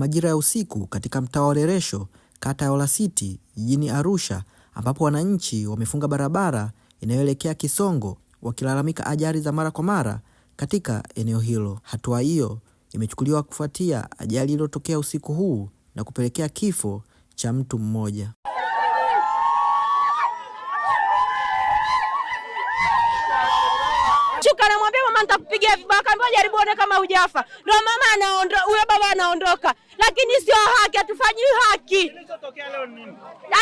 majira ya usiku katika mtaa wa Leresho, kata ya Olasiti, jijini Arusha, ambapo wananchi wamefunga barabara inayoelekea Kisongo wakilalamika ajali za mara kwa mara katika eneo hilo. Hatua hiyo imechukuliwa kufuatia ajali iliyotokea usiku huu na kupelekea kifo cha mtu mmoja. Chuka namwambia mama, nitakupigia vibaka, akaambia jaribu one kama hujafa, ndio mama anaondoka, huyo baba anaondoka, lakini sio haki, hatufanyi haki.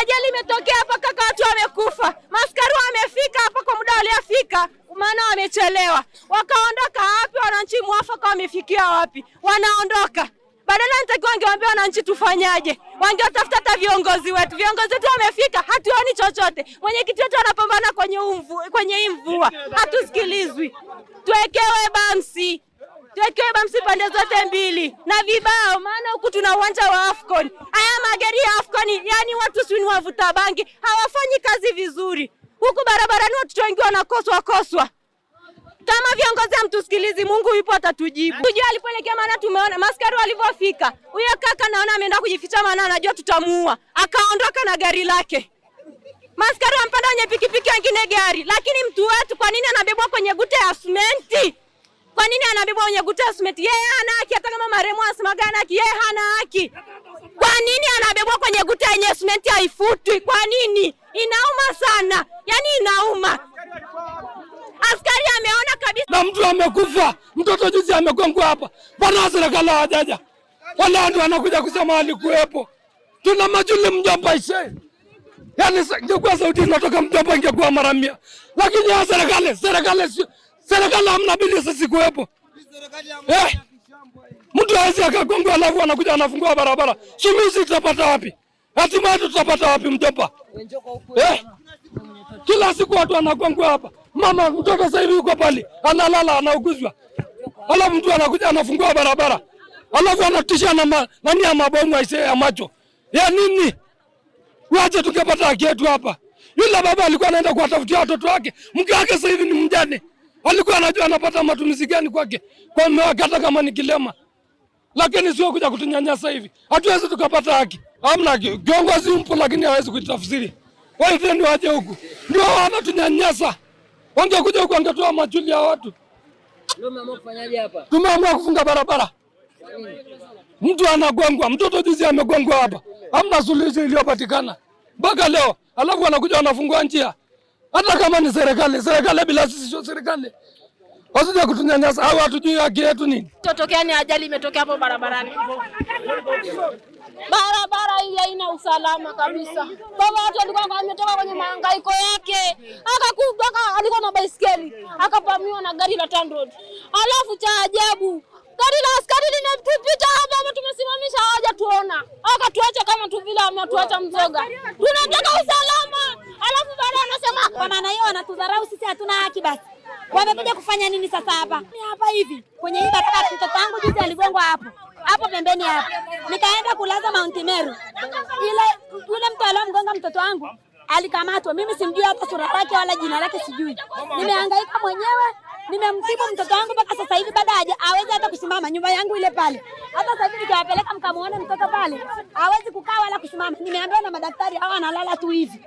Ajali imetokea hapa kaka, watu wamekufa, maskari wamefika hapa kwa muda waliofika, maana wamechelewa, wakaondoka wapi? Wananchi mwafaka wamefikia wapi? Wanaondoka badala nitakiwa wangewaambia wananchi tufanyaje, wangewatafuta hata viongozi wetu. Viongozi wetu wamefika, hatuoni chochote. Mwenyekiti wetu anapambana kwenye umvu, kwenye hii mvua, hatusikilizwi. Tuwekewe bamsi tuwekewe bamsi pande zote mbili na vibao, maana huku tuna uwanja wa Afcon. Haya magari ya Afcon, yani watu si ni wavuta bangi, hawafanyi kazi vizuri. Huku barabarani watoto wengi wanakoswa koswa kama viongozi hamtusikilizi, Mungu yupo atatujibu. Kujua alipoelekea, maana tumeona maskari walivyofika. Huyo kaka naona ameenda kujificha, maana anajua tutamuua, akaondoka na gari lake. Maskari wampanda kwenye pikipiki, wengine gari. Lakini mtu wetu kwa nini anabebwa kwenye guta ya simenti? Kwa nini anabebwa kwenye guta ya simenti? Yeye hana haki, hata kama marehemu anasemaga hana haki, yeye hana haki. Kwa nini anabebwa kwenye guta yenye simenti haifutwi? Kwa nini? Inauma sana, yaani inauma. Askari ameona na mtu amekufa, mtoto juzi amegongwa hapa, bwana serikali hajaja, wala ndio anakuja kusema alikuwepo. Tuna majuli mjomba ishe, yani ingekuwa sauti inatoka mjomba ingekuwa mara mia, lakini ya serikali serikali serikali hamna bili sisi kuwepo eh. Mtu hawezi akagongwa alafu anakuja anafungua barabara, sulusi tutapata wapi? Hatimaye tutapata wapi mjomba eh? Kila siku watu wanagongwa hapa mama mtoto sasa hivi yuko pale analala, anauguzwa, alafu mtu anakuja anafungua barabara, alafu anatisha na ma, nani ya mabomu aisee ya macho ya nini? Wacha tukipata haki yetu hapa. Yule baba alikuwa anaenda kuwatafutia watoto wake, mke wake sasa hivi ni mjane, alikuwa anajua anapata matumizi gani kwake kwa mume wake, hata kama ni kilema, lakini sio kuja kutunyanyasa hivi. Hatuwezi tukapata haki, hamna kiongozi mpo, lakini hawezi kuitafsiri. Waiteni waje huku, ndio wanatunyanyasa wangekuja huku wangetoa majuli ya watu. Tumeamua kufunga barabara, mtu anagongwa, mtoto juzi amegongwa hapa, hamna suluhisho iliyopatikana mpaka leo, alafu wanakuja wanafungua njia. Hata kama ni serikali, serikali bila sisi sio serikali. Wasije kutunyanyasa au hatujui haki yetu nini. Totokea ni ajali imetokea hapo barabarani. Barabara hii haina usalama kabisa. Baba watu walikuwa wametoka kwenye mahangaiko yake. Aka alikuwa na baiskeli akapamiwa na gari la TANROADS. Alafu cha ajabu gari la askari linatupita hapa, ama tumesimamisha, tuona, akatuacha kama tu vile ametuacha mzoga. Tunataka usalama, alafu baadaye anasema kwa maana hiyo wanatudharau sisi, hatuna haki. Basi wamekuja kufanya nini sasa hapa? Ni hapa hivi kwenye hii barabara, mtoto wangu juzi aligongwa hapo hapo pembeni hapo, nikaenda kulaza Mount Meru, ile yule mtu aliyemgonga mtoto wangu alikamatwa. Mimi simjui hata sura yake wala jina lake sijui. Nimehangaika mwenyewe, nimemtibu mtoto wangu mpaka sasa hivi bado hawezi hata kusimama. Nyumba yangu ile pale, hata sasa hivi nikiwapeleka mkamuone mtoto pale, hawezi kukaa wala kusimama. Nimeambiwa na madaktari, hawa analala tu hivi,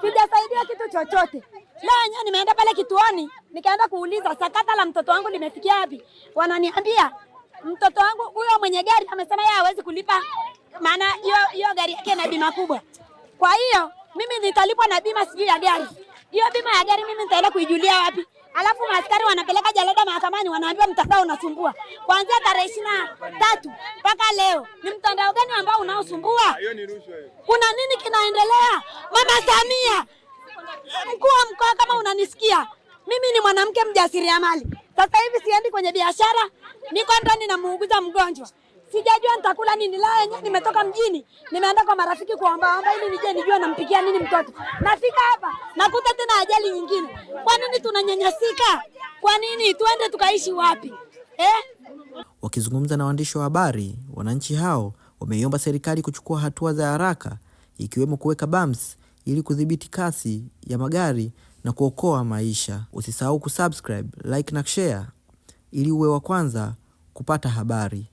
sijasaidia kitu chochote. Leo wenyewe nimeenda pale kituoni, nikaenda kuuliza sakata la mtoto wangu limefikia wapi, wananiambia mtoto wangu huyo mwenye gari amesema yeye hawezi kulipa, maana hiyo hiyo gari yake ina bima kubwa, kwa hiyo mimi nitalipwa na bima sijui ya gari. Hiyo bima ya gari mimi nitaenda kuijulia wapi? Alafu maaskari wanapeleka jalada mahakamani, wanaambiwa mtandao unasumbua kuanzia tarehe ishirini na tatu mpaka leo. Ni mtandao gani ambao unaosumbua? Ah, Kuna nini kinaendelea? Mama Samia, mkuu wa mkoa, kama unanisikia, mimi ni mwanamke mjasiriamali. Sasa hivi siendi kwenye biashara, niko ndani na muuguza mgonjwa sijajua nitakula nini la yenyewe. Nimetoka mjini, nimeenda kwa marafiki kuomba omba ili nije nijue nampikia nini mtoto. Nafika hapa nakuta tena ajali nyingine. Kwa nini tunanyanyasika? Kwa nini? Tuende tukaishi wapi eh? Wakizungumza na waandishi wa habari, wananchi hao wameiomba serikali kuchukua hatua za haraka ikiwemo kuweka bams ili kudhibiti kasi ya magari na kuokoa maisha. Usisahau kusubscribe, like na share ili uwe wa kwanza kupata habari.